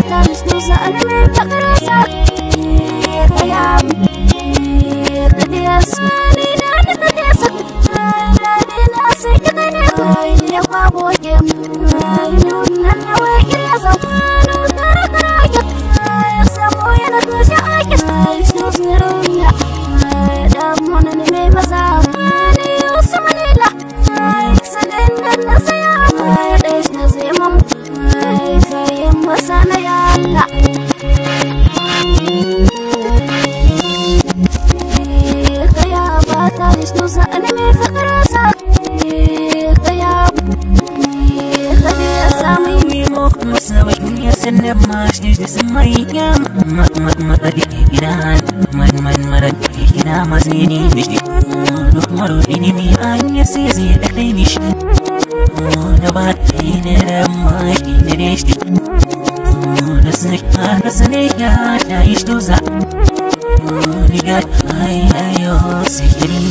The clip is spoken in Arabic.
متى مشنوسة أنا من بقراسة يا عم قد يسمعني لأن قد يسك الذي ناسي كذا نقوي اللي قابو جم ينون النواي إلا زمان وترك راجك يسمو ينتوش عاجك مشنوس نرونا دوسة أنا مي فقرة غياب خدي أسامي مي موق مسوي دنيا سنة ماش نجد سمي يام مد مد مد إنان مد مد مد إنا مزيني نجد نحمر إني مي آن يسيزي أكلي مش نبات إني رماش إني نجد نسك نسني يا شايش دوزة نقات هاي أيوه سيري